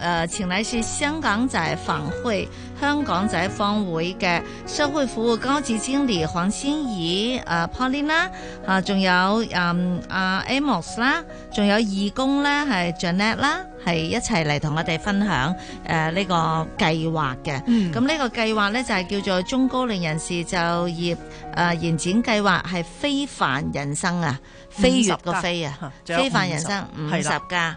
誒、請、呃、來是香港仔坊會、香港仔坊會嘅社會服務高級經理黃心怡，誒、呃、，Paulina，啊，仲有，嗯，阿 Amos 啦，仲、啊、有義工咧係 Janette 啦，係、啊、一齊嚟同我哋分享誒呢、呃，這個計劃嘅。咁呢、嗯、個計劃咧就係、是、叫做中高齡人士就業，誒、呃、延展計劃，係非凡人生啊，飛躍個飛啊，加非凡人生五十加。50 加 的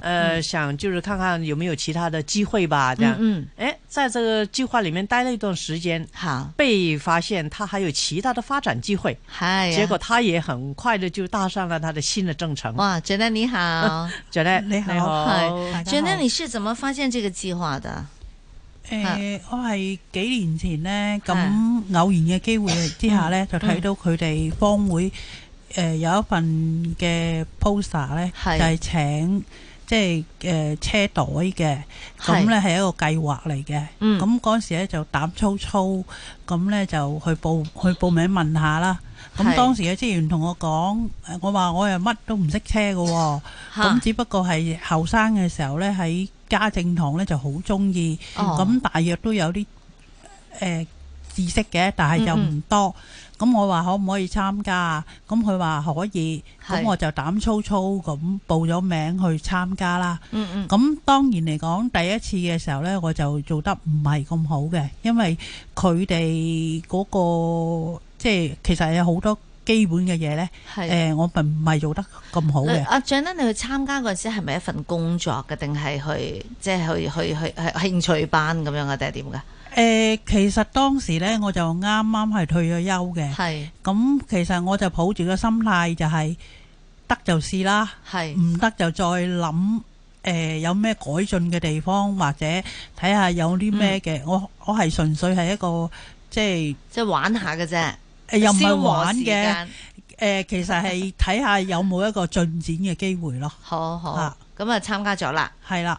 誒、呃，想就是看看有沒有其他的機會吧。嗯嗯。嗯誒，在這個計劃裏面待了一段時間，好被發現，他還有其他的發展機會。係。 結果他也很快的就搭上了他的新的征程。哇，簡單，你好，簡單， 姐姐你好，簡單好，你是怎麼發現這個計劃的？誒、 呃，我係幾年前呢，咁偶然嘅機會之下呢， 嗯、就睇到佢哋坊會誒有一份嘅 poster 咧，就係請。即係誒、呃、車隊嘅咁呢係一個計劃嚟嘅。咁嗰、嗯、時呢就膽粗粗咁呢就去報去報名問下啦。咁是當時嘅職員同我講，我話我又乜都唔識車嘅喎。哦。咁哈只不過係後生嘅時候呢，喺家政堂呢就好中意咁。哦、大約都有啲誒、呃、知識嘅，但係又唔多。嗯咁我話可唔可以參加啊？咁佢話可以，咁是我就膽粗粗咁報咗名去參加啦。咁、嗯嗯、當然嚟講，第一次嘅時候呢，我就做得唔係咁好嘅，因為佢哋嗰個即係其實有好多基本嘅嘢呢，誒是、呃，我咪唔係做得咁好嘅。阿張咧，呃呃、ette，你去參加嗰陣時係咪一份工作嘅，定係去即係去去去去興趣班咁樣嘅，定係點㗎？誒，其實當時咧，我就啱啱係退咗休嘅。係咁，其實我就抱住個心態就係得就試啦，係唔得就再諗。誒，有咩改進嘅地方，或者睇下有啲咩嘅，我我係純粹係一個即係即係玩下嘅啫，又唔係玩嘅。誒，其實係睇下有冇一個進展嘅機會咯。好好，咁啊參加咗啦，係啦。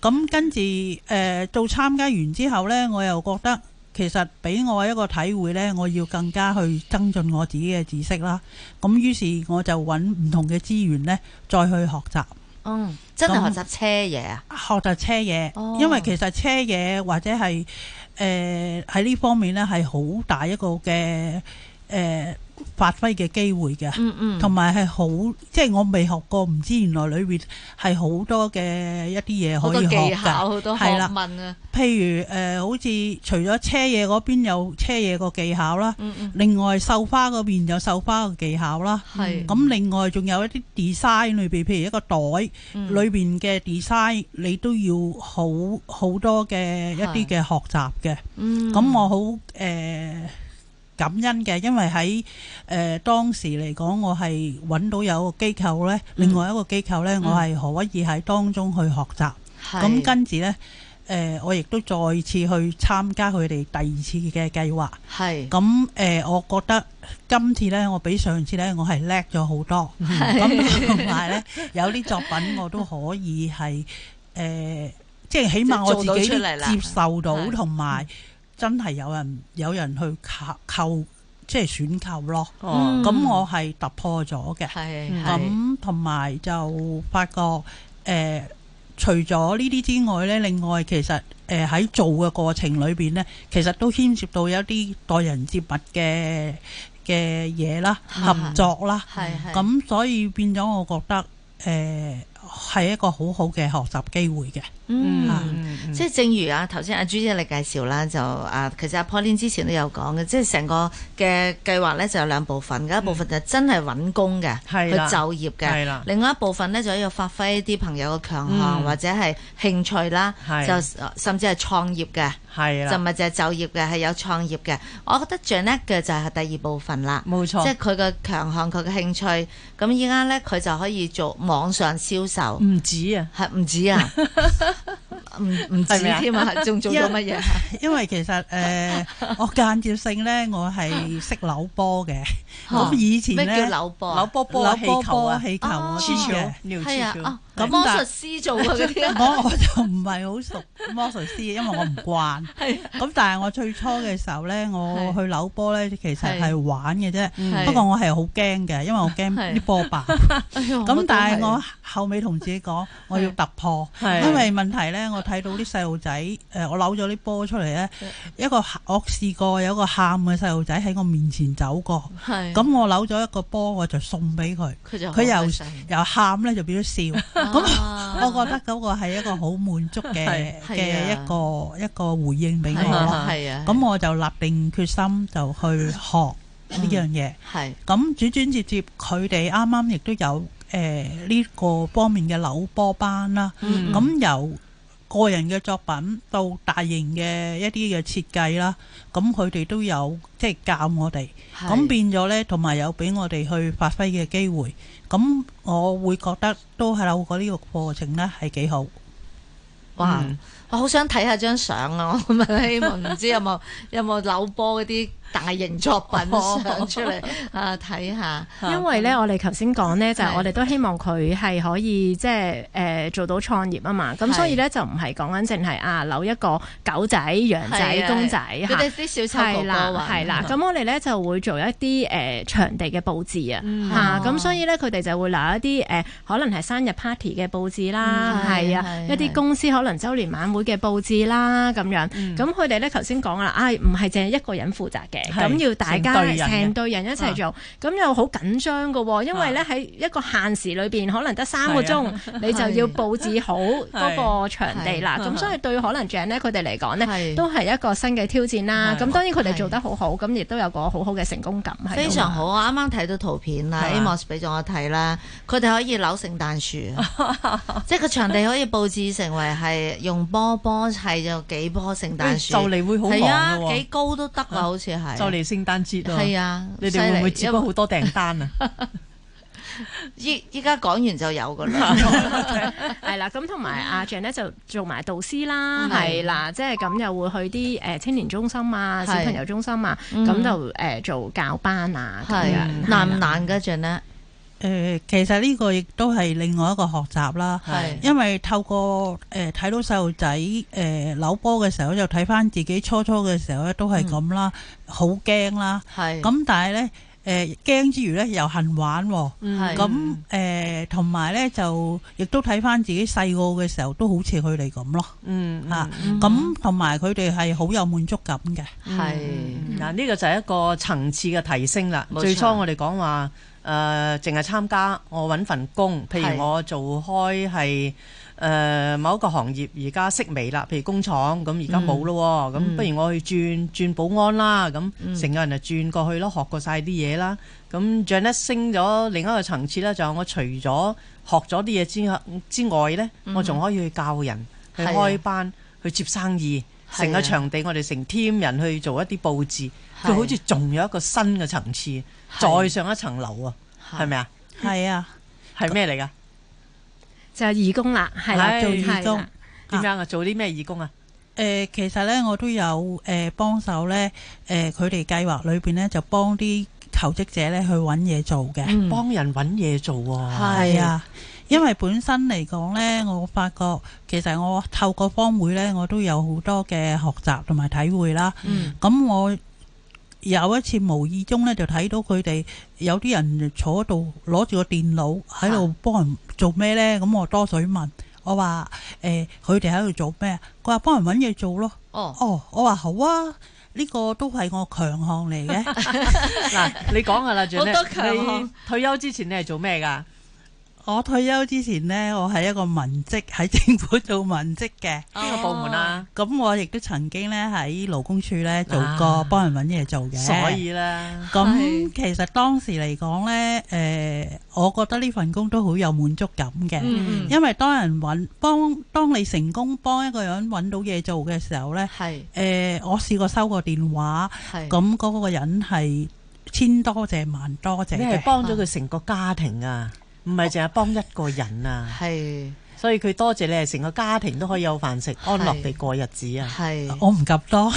咁跟住，誒、呃，到參加完之後呢，我又覺得其實俾我一個體會呢，我要更加去增進我自己嘅知識啦。咁於是我就揾唔同嘅資源呢，再去學習。嗯，真係學習車嘢啊！學習車嘢，哦、因為其實車嘢或者係，誒喺呢方面呢，係好大一個嘅，誒、呃。發揮嘅機會嘅，嗯嗯，同埋係好，即係我未學過，唔知原來裏邊係好多嘅一啲嘢可以學噶，好多技巧，好多學問啊。譬如誒，好似除咗車嘢嗰邊有車嘢個技巧啦，嗯嗯，另外繡花嗰邊有繡花嘅技巧啦，係、嗯，咁另外仲有一啲 design 裏邊，譬如一個袋、嗯、裏邊嘅 design，你都要好好多嘅一啲嘅學習嘅、嗯，嗯，咁我好誒。嗯嗯感恩嘅，因為喺誒、呃、當時嚟講，我係揾到有一個機構咧，嗯、另外一個機構咧，嗯、我係可以喺當中去學習。咁是跟住咧，誒、呃，我亦都再次去參加佢哋第二次嘅計劃，係咁誒，我覺得今次咧，我比上次咧，我係叻咗好多。咁同埋咧，嗯、是有啲 作品我都可以係誒、呃，即係起碼我自己接受到同埋。的的真係有人有人去靠，購，即係選購咯。咁、哦嗯、我係突破咗嘅。咁同埋就發覺，誒、呃，除咗呢啲之外呢，另外其實誒、喺、呃、做嘅過程裏邊呢，其實都牽涉到有一啲待人接物嘅嘅嘢啦，是是合作啦。咁、嗯、所以變咗，我覺得誒。呃係一個好好嘅學習機會嘅，嗯，嗯即係正如啊頭先阿朱姐你介紹啦，就啊其實阿、啊、Pauline 之前都有講嘅，嗯、即係成個嘅計劃咧就有兩部分，有、嗯、一部分就真係揾工嘅，係的去就業嘅，的另外一部分咧就要發揮啲朋友嘅強項或者係興趣啦，就的甚至係創業嘅。係啦，就咪就係就業嘅，係有創業嘅。我覺得最叻嘅就係第二部分啦，冇錯。即係佢嘅強項，佢嘅興趣。咁依家咧，佢就可以做網上銷售。唔止啊，係唔止啊。 唔唔知添啊，仲做咗乜嘢？因為其實誒，我間接性咧，我係識扭波嘅。我以前咧扭波，扭波波，氣球啊，氣球黐嘅，係啊。咁魔術師做嘅呢啲，我我就唔係好熟魔術師，因為我唔慣。咁但係我最初嘅時候咧，我去扭波咧，其實係玩嘅啫。不過我係好驚嘅，因為我驚啲波爆。咁但係我後尾同自己講，我要突破，因為問題咧我。睇到啲細路仔，誒，我扭咗啲波出嚟。呢一個，我試過有個喊嘅細路仔喺我面前走過，咁我扭咗一個波，我就送俾佢。佢又又喊呢，就變咗笑。咁我覺得嗰個係一個好滿足嘅嘅一個一個回應俾我。係啊，咁我就立定決心就去學呢樣嘢。係，咁轉轉接接，佢哋啱啱亦都有誒呢個方面嘅扭波班啦。咁由個人嘅作品到大型嘅一啲嘅設計啦，咁佢哋都有即係教我哋，咁是變咗呢，同埋有俾我哋去發揮嘅機會，咁我會覺得都係有過呢個課程咧係幾好。哇！嗯我好想睇下張相啊！我咁希望唔知有冇有冇扭波嗰啲大型作品出嚟啊睇下，因為咧我哋頭先講咧就係我哋都希望佢係可以即係誒做到創業啊嘛，咁所以咧就唔係講緊淨係啊扭一個狗仔，羊仔，公仔啊，佢哋啲小細狗波位，係啦。咁我哋咧就會做一啲誒場地嘅佈置啊吓，咁所以咧佢哋就會留一啲誒可能係生日 party 嘅佈置啦，係啊，一啲公司可能周年晚會。嘅布置啦，咁樣，咁佢哋咧頭先講啦，啊唔係淨係一個人負責嘅，咁要大家成隊人一齊做，咁又好緊張噶，因為咧喺一個限時裏邊，可能得三個鐘，你就要布置好嗰個場地啦，咁所以對可能隊員咧佢哋嚟講咧，都係一個新嘅挑戰啦。咁當然佢哋做得好好，咁亦都有個好好嘅成功感喺度。非常好啊！啱啱睇到圖片啦，Amos 俾咗我睇啦，佢哋可以扭聖誕樹，即係個場地可以布置成為係用幫波 poor，波係就幾棵聖誕樹，就嚟會好忙噶喎。幾、啊、高都得啊，好似係就嚟聖誕節啦。係啊，你哋會唔會接多好多訂單啊？依依家講完就有噶啦，係啦，okay。咁同埋阿 j 俊咧就做埋導師啦，係啦，即係咁又會去啲誒青年中心啊、小朋友中心啊，咁就誒做教班啊係啊，難唔難噶俊咧？誒，其實呢個亦都係另外一個學習啦，是因為透過誒睇到細路仔誒扭波嘅時候，就睇翻自己初初嘅時候咧都係咁啦，好驚啦，咁但係咧誒驚之餘咧又恨玩，咁誒同埋咧就亦都睇翻自己細個嘅時候都好似佢哋咁咯，吓，咁同埋佢哋係好有滿足感嘅，嗱呢個就係一個層次嘅提升啦。最初我哋講話。誒，淨係、呃、參加我揾份工，譬如我做開係誒、呃、某一個行業，而家息微啦式微。譬如工廠咁，而家冇咯，咁、嗯、不如我去轉轉保安啦。咁成個人就轉過去咯，學過晒啲嘢啦。咁再一升咗另一個層次咧，就係、我除咗學咗啲嘢之之外呢、嗯、我仲可以去教人去開班的去接生意。成個場地，啊、我哋成 team 人去做一啲布置，佢、啊、好似仲有一個新嘅層次，啊、再上一層樓啊，係咪啊？係啊，係咩嚟噶？就係義工啦，係做義工。點樣啊？做啲咩義工啊？誒，其實咧我都有誒幫手咧，誒佢哋計劃裏邊咧就幫啲求職者咧去搵嘢做嘅，幫、嗯、人搵嘢做。係啊。因為本身嚟講呢，我發覺其實我透過坊會呢，我都有好多嘅學習同埋體會啦。咁、嗯、我有一次無意中著著呢，就睇到佢哋有啲人坐度攞住個電腦喺度幫人做咩呢？咁我多嘴問我話：誒、欸，佢哋喺度做咩？佢話幫人揾嘢做咯。哦，哦，我話好啊，呢、這個都係我強項嚟嘅。嗱， 你講噶啦，好多強項。退休之前你係做咩噶？我退休之前呢，我係一個文職，喺政府做文職嘅，邊個、哦、部門啊？咁、啊、我亦都曾經呢，喺勞工處呢，做過幫人揾嘢做嘅、啊。所以呢，咁那是其實當時嚟講呢，誒、呃，我覺得呢份工都好有滿足感嘅。嗯嗯，因為當人揾，幫，當你成功幫一個人揾到嘢做嘅時候呢，係誒是、呃，我試過收過電話，係咁嗰個人係千多謝萬多謝嘅，幫咗佢成個家庭啊！唔係淨係幫一個人啊，係是，所以佢多謝你係成個家庭都可以有飯食，是安樂地過日子啊。係，我唔及多。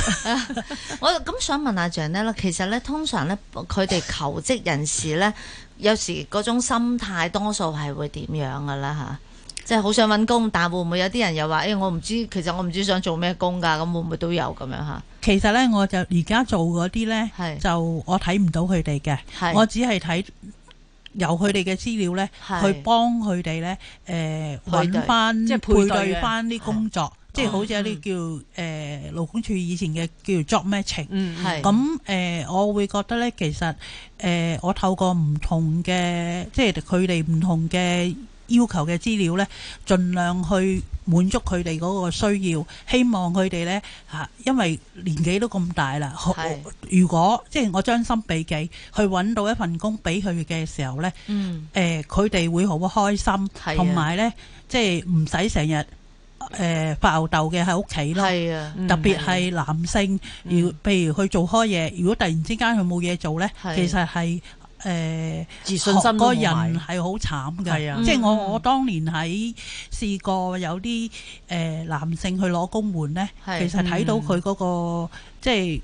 我咁、啊嗯、想問阿 j a 啦，其實咧通常咧佢哋求職人士咧，有時嗰種心態多數係會點樣噶啦吓？即係好想搵工，但係會唔會有啲人又話，誒我唔知， 其實我唔知想做咩工㗎？咁會唔會都有咁樣吓，其實咧，我就而家做嗰啲咧，就我睇唔到佢哋嘅，是我只係睇。由佢哋嘅資料咧，是去幫佢哋咧，誒揾翻即係配對翻啲回工作，是即係好似有啲叫誒勞工處以前嘅叫做 job matching、嗯。咁誒、呃，我會覺得咧，其實誒、呃，我透過唔同嘅，即係佢哋唔同嘅。要求嘅資料呢，盡量去滿足佢哋嗰個需要，希望佢哋呢，嚇，因為年紀都咁大啦。是如果即係我將心比己，去揾到一份工俾佢嘅時候呢，誒、嗯，佢哋、呃、會好開心，同埋、啊、呢，即係唔使成日誒發吽鬥嘅喺屋企咯。啊、特別係男性，要譬、嗯、如佢做開嘢，如果突然之間佢冇嘢做呢，啊、其實係。自信心個人係好慘嘅，啊嗯、即係我我當年喺試過有啲誒男性去攞公援咧，是其實睇到佢嗰、那個、嗯、即係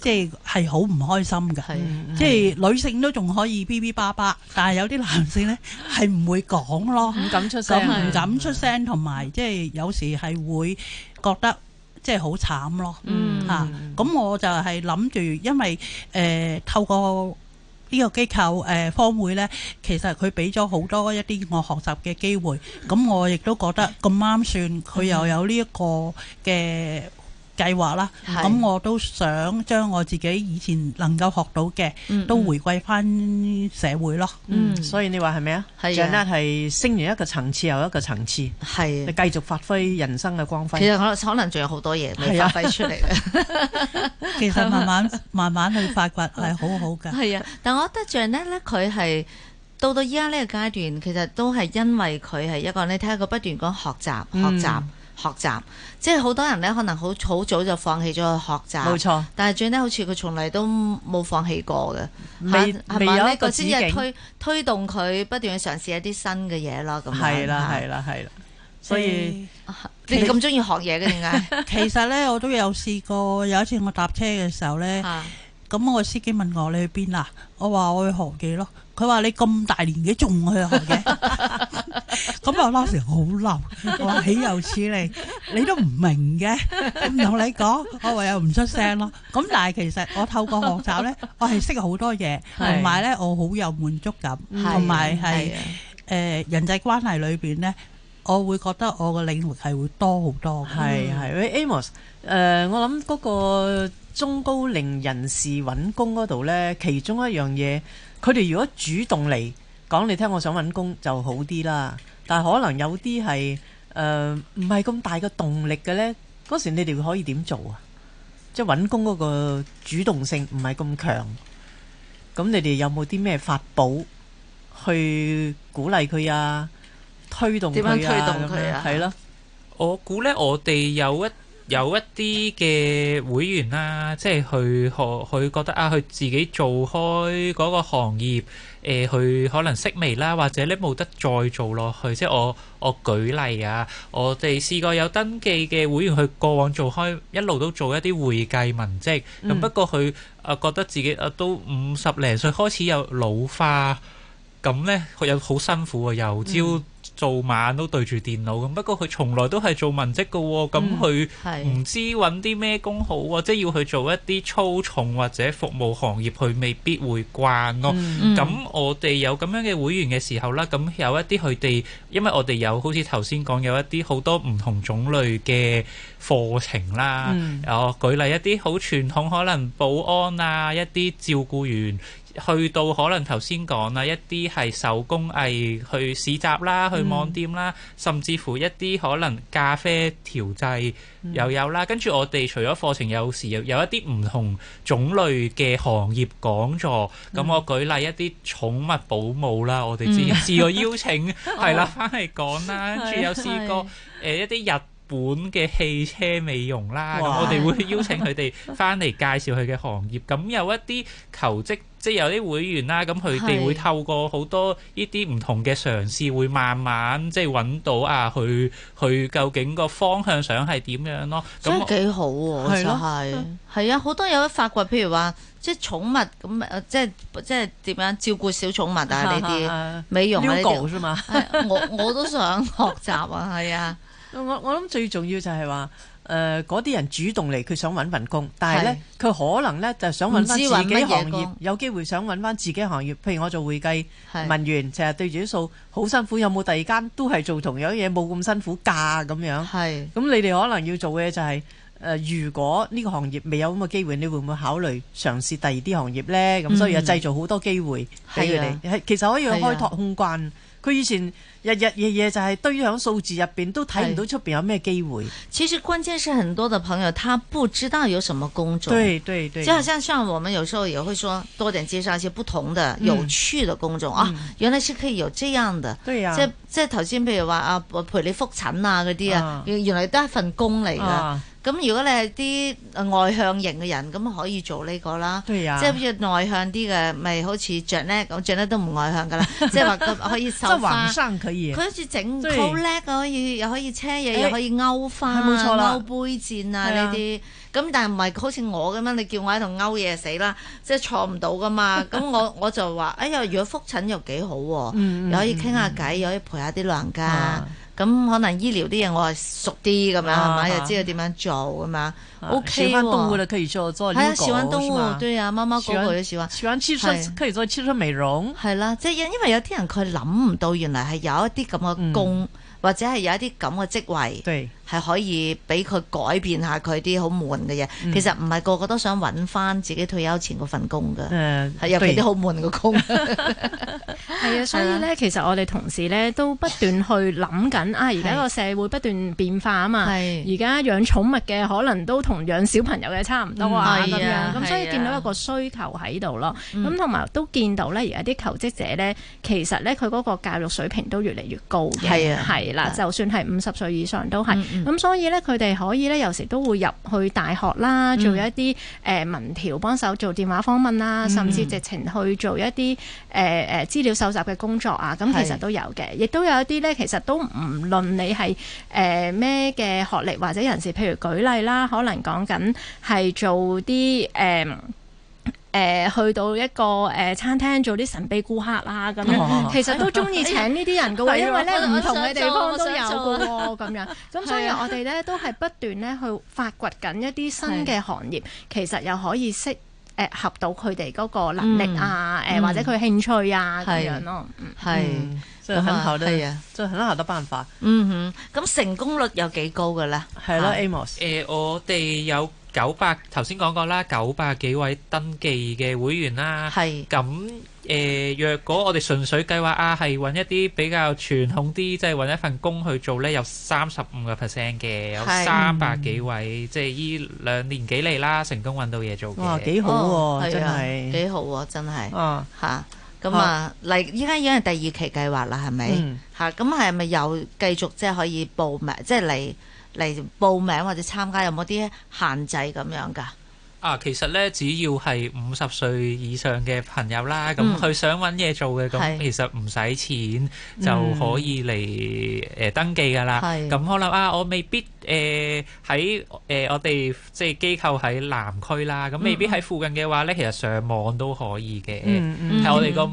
即係係好唔開心嘅，即係女性都仲可以 B B 巴巴，但係有啲男性咧係唔會講咯，唔 敢出聲，唔敢出聲，同埋即係有時係會覺得即係好慘咯嚇。咁、嗯嗯啊、我就係諗住，因為誒、呃、透過。呢個機構誒坊、呃、會呢，其實佢俾咗好多一啲我學習嘅機會，咁 我亦都覺得咁啱算，佢又有呢一個嘅。計劃啦，咁我都想將我自己以前能夠學到嘅，嗯嗯、都回歸翻社會咯。嗯，所以你話係咪啊？Janet 係升完一個層次又一個層次，係的你繼續發揮人生嘅光輝。其實可可能仲有好多嘢未發揮出嚟。是的 其實慢慢 慢慢去發掘係好好噶。係啊，但我覺得 Janet 咧，佢係到到依家呢個階段，其實都係因為佢係一個你睇下佢不斷講學習學習。嗯學習即係好多人咧，可能好好早就放棄咗學習，冇錯，但係最咧好似佢從嚟都冇放棄過嘅，未咪？是是未有一個指引推推動佢不斷去嘗試一啲新嘅嘢咯。咁係啦，係啦，係啦，所以你咁中意學嘢嘅點解？ 其實咧，我都有試過，有一次我搭車嘅時候咧，咁 我司機問我，你去邊啊？我話我去學嘢咯。佢話你咁大年紀仲去學嘢？ 咁我當時好嬲，我豈有此理，你都唔明嘅，咁同你講，我唯有唔出聲咯。咁但係其實我透過學習咧，我係識好多嘢，同埋咧我好有滿足感，同埋係誒人際關係裏邊咧，我會覺得我個領域係會多好多。係係，Amos，誒，我諗嗰個中高齡人士搵工嗰度咧，其中一樣嘢，佢哋如果主動嚟。講你聽，我想揾工就好啲啦。但係可能有啲係誒唔係咁大嘅動力嘅呢。嗰時你哋會可以點做啊？即係揾工嗰個主動性唔係咁強。咁你哋有冇啲咩法寶去鼓勵佢啊？推動佢啊？點樣推動佢啊？係咯，我估呢，我哋有一。有一啲嘅會員啦、啊，即係佢學佢覺得啊，佢自己做開嗰個行業，誒、呃，佢可能式微啦，或者咧冇得再做落去。即係我我舉例啊，我哋試過有登記嘅會員，佢過往做開一路都做一啲會計文職，咁、嗯、不過佢啊覺得自己啊都五十零歲開始有老化，咁咧佢又好辛苦啊，由朝、嗯。做晚都對住電腦咁，不過佢從來都係做文職嘅喎，咁佢唔知揾啲咩工好啊，即係要去做一啲粗重或者服務行業，佢未必會慣咯。咁、嗯嗯、我哋有咁樣嘅會員嘅時候啦，咁有一啲佢哋，因為我哋有好似頭先講，有一啲好多唔同種類嘅課程啦，嗯、我舉例一啲好傳統，可能保安啊，一啲照顧員。去到可能頭先講啦，一啲係手工藝去市集啦，去網店啦，甚至乎一啲可能咖啡調製又有啦。跟住我哋除咗課程，有時又有一啲唔同種類嘅行業講座。咁我舉例一啲寵物保母啦，我哋自己自我邀請係啦，返嚟講啦。跟住有試過誒一啲日本嘅汽車美容啦，咁我哋會邀請佢哋翻嚟介紹佢嘅行業。咁有一啲求職，即係有啲會員啦，咁佢哋會透過好多呢啲唔同嘅嘗試，會慢慢即係揾到啊，去去究竟個方向想係點樣咯。咁係幾好喎，就係係啊，好多有啲發掘，譬如話即係寵物咁，即係即係點樣照顧小寵物啊？呢啲美容啊呢我我都想學習啊，係啊。我我諗最重要就係話，誒嗰啲人主動嚟，佢想搵份工，但係咧佢可能咧就係想搵翻自己行業，有機會想搵翻自己行業。譬如我做會計文員，成日對住啲數，好辛苦。有冇第二間都係做同樣嘢，冇咁辛苦㗎咁樣？係咁你哋可能要做嘅就係，誒如果呢個行業未有咁嘅機會，你會唔會考慮嘗試第二啲行業咧？咁所以又製造好多機會俾佢哋，係其實可以開拓空間。佢以前日日夜夜就係堆喺數字入邊，都睇唔到出邊有咩機會。其實關鍵是很多嘅朋友，他不知道有什麼工種。對對對，就好像像我們有時候也會說多啲介紹一些不同的、嗯、有趣的工種啊，嗯、原來是可以有這樣的。對呀、啊，即係即係頭先譬如話啊，陪你覆診啊嗰啲啊，啊原來都係一份工嚟㗎。啊咁如果你係啲外向型嘅人，咁可以做呢個啦，即係好似內向啲嘅，咪好似着咧咁，着得都唔外向噶啦，即係話可以手花，佢好似整好叻，可以又可以車嘢，又可以勾花，勾杯墊啊呢啲。咁但係唔係好似我咁樣，你叫我喺度勾嘢死啦，即係坐唔到噶嘛。咁我我就話：哎呀，如果覆診又幾好喎，又可以傾下偈，又可以陪下啲老人家。咁可能醫療啲嘢我係熟啲咁樣係咪？又、啊、知道點樣做咁樣，O K。鍾意動物啦，可以做係啊，鍾意動物，對啊，貓貓狗狗都鍾意。鍾意汽車，可以做汽車美容。係啦，即係、就是、因為有啲人佢諗唔到，原來係有一啲咁嘅工，嗯、或者係有一啲咁嘅職位。係可以俾佢改變下佢啲好悶嘅嘢，其實唔係個個都想搵返自己退休前嗰份工㗎，係入邊啲好悶嘅工。係 啊， 所以咧，其實我哋同事咧都不斷去諗緊啊。而家個社會不斷變化啊嘛，而家的養寵物嘅可能都同養小朋友嘅差唔多啊咁、嗯、樣，咁所以見到有一個需求喺度咯。咁同埋都見到咧，而家啲求職者咧，其實咧佢嗰個教育水平都越嚟越高嘅，係啦的的，就算係五十歲以上都係、嗯。咁、嗯、所以咧，佢哋可以咧，有時都會入去大學啦，嗯、做一啲誒民調幫，幫手做電話訪問啦，嗯、甚至直情去做一啲誒誒資料蒐集嘅工作啊。咁其實都有嘅，是亦都有一啲咧，其實都唔論你係誒咩嘅學歷或者人士，譬如舉例啦，可能講緊係做啲誒，呃誒，去到一個誒餐廳做啲神秘顧客啊，咁樣其實都中意請呢啲人噶，因為咧唔同嘅地方都有噶，咁樣咁所以我哋咧都係不斷咧去發掘緊一啲新嘅行業，其實又可以適誒合到佢哋嗰個能力啊，誒或者佢興趣啊咁樣咯，係好多嘢，即係好多辦法。嗯哼，咁成功率有幾高噶咧？係咯，Amos。誒，我哋有。九百，頭先講過啦，九百幾位登記嘅會員啦。係是。咁誒、呃，若果我哋純粹計劃啊，係揾一啲比較傳統啲，即係揾一份工去做咧，有三十五個 percent 嘅，是有三百幾位，嗯、即係依兩年幾嚟啦，成功揾到嘢做嘅。哇，幾好喎、啊！真係幾好喎！真係、哦。啊、嗯！嚇咁啊，嚟依家已經係第二期計劃啦，係咪？嗯。咁係咪有繼續即係可以報名？即係嚟。嚟報名或者參加有冇啲限制咁樣噶？啊，其實咧，只要係五十歲以上嘅朋友啦，咁佢、嗯、想揾嘢做嘅，咁是其實唔使錢、嗯、就可以嚟誒、呃、登記噶啦。咁是可能啊，我未必誒喺誒我哋即係機構喺南區啦，咁、嗯、未必喺附近嘅話咧，其實上網都可以嘅、嗯。嗯，係我哋個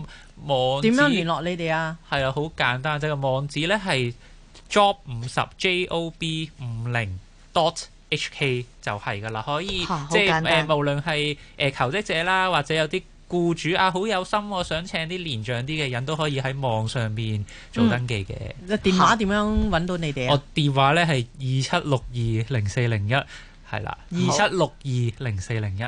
網，點樣聯絡你哋啊？係啊，好簡單，即係個網址咧係。job 五十 j o b 五零 dot h k 就係噶啦，可以、啊、即係誒、呃，無論係誒求職者啦，或者有啲雇主啊，好有心，我想請啲年長啲嘅人都可以喺網上面做登記嘅、嗯。電話點樣搵到你哋啊？我電話咧係二七六二零四零一係啦，二七六二零四零一。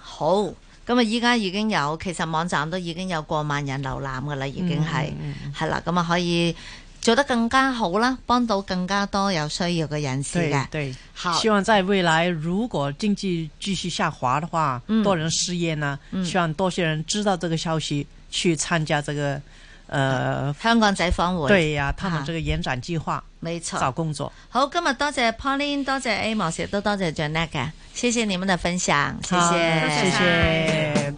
好，咁啊，依家已經有，其實網站都已經有過萬人瀏覽噶啦，已經係係啦，咁啊、嗯、可以。做得更加好啦，幫到更加多有需要嘅人士嘅。對，好。希望在未來，如果經濟繼續下滑嘅話，嗯、多人失業呢，嗯、希望多些人知道呢個消息，去參加呢、這個，誒、呃，香港仔坊會。對呀、啊，他們呢個延展計劃，啊、沒錯，找工作。好，今日多謝 Pauline，多謝 Amos 都多謝 Janet 謝謝你們嘅分享，謝謝，多好拜謝，謝。